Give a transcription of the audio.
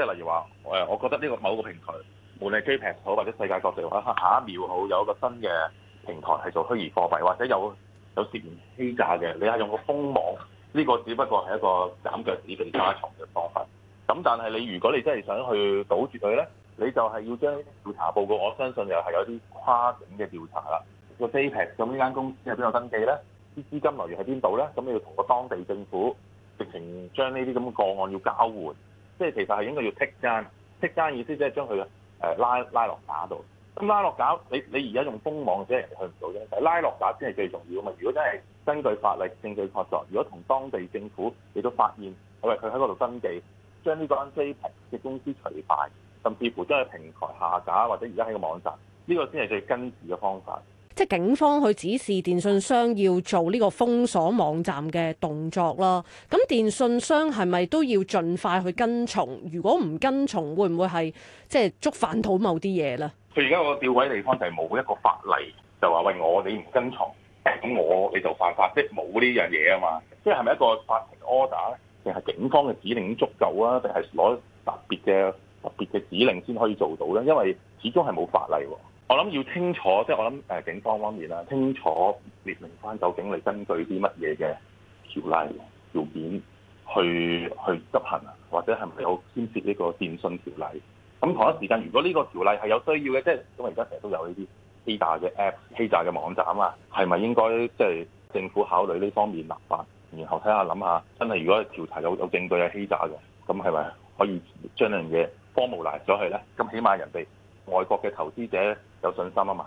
即係例如話，誒，我覺得呢個某個平台無論係 JPEX 好，或者世界各地，可能下一秒好有一個新嘅平台係做虛擬貨幣，或者有有涉嫌欺詐嘅，你係用個封網，呢、這個只不過係一個斬腳趾避沙蟲嘅方法。咁但係你如果你真係想去堵住佢咧，你就係要將調查報告，我相信又係有啲跨境嘅調查啦。個 JPEX 咁呢間公司喺邊度登記咧？啲資金來源喺邊度咧？咁你要同個當地政府直情將呢啲咁嘅個案要交換。即係其實係應該要剔單，剔單意思即係將佢嘅拉拉落架度。咁拉落架，你你而家用封網即係人去唔到啫。拉落架先係最重要啊嘛！如果真係根據法例、證據確鑿，如果同當地政府你都發現，喂佢喺嗰度登記，將呢個間飛屏嘅公司除敗，甚至乎將佢平台下架，或者而家喺個網站，呢個先係最根治嘅方法。即係警方去指示電訊商要做呢個封鎖網站嘅動作啦，咁電訊商係咪都要盡快去跟從？如果唔跟從會不會是是，會唔會係即係觸犯到某啲嘢咧？佢而家個吊詭地方就係冇一個法例，就話喂，我你唔跟從，咁我你就犯法，即係冇呢樣嘢啊嘛。即係係咪一個法庭 order 咧，定係警方嘅指令已經足夠啊？定係攞特別嘅特別嘅指令先可以做到咧？因為始終係冇法例。我諗要清楚，即係我諗，誒警方方面啦，清楚列明翻，究竟你根據啲乜嘢嘅條例條件去去執行啊，或者係唔係好牽涉呢個電信條例咁同一時間，如果呢個條例係有需要嘅，即係咁，為而家成日都有呢啲欺詐嘅 app、欺詐嘅網站啊，係咪應該即係政府考慮呢方面立法？然後睇下諗下，真係如果係調查有有證據係欺詐嘅，咁係咪可以將呢樣嘢荒謬爛咗去咧？咁起碼人哋。外國嘅投資者有信心啊嘛。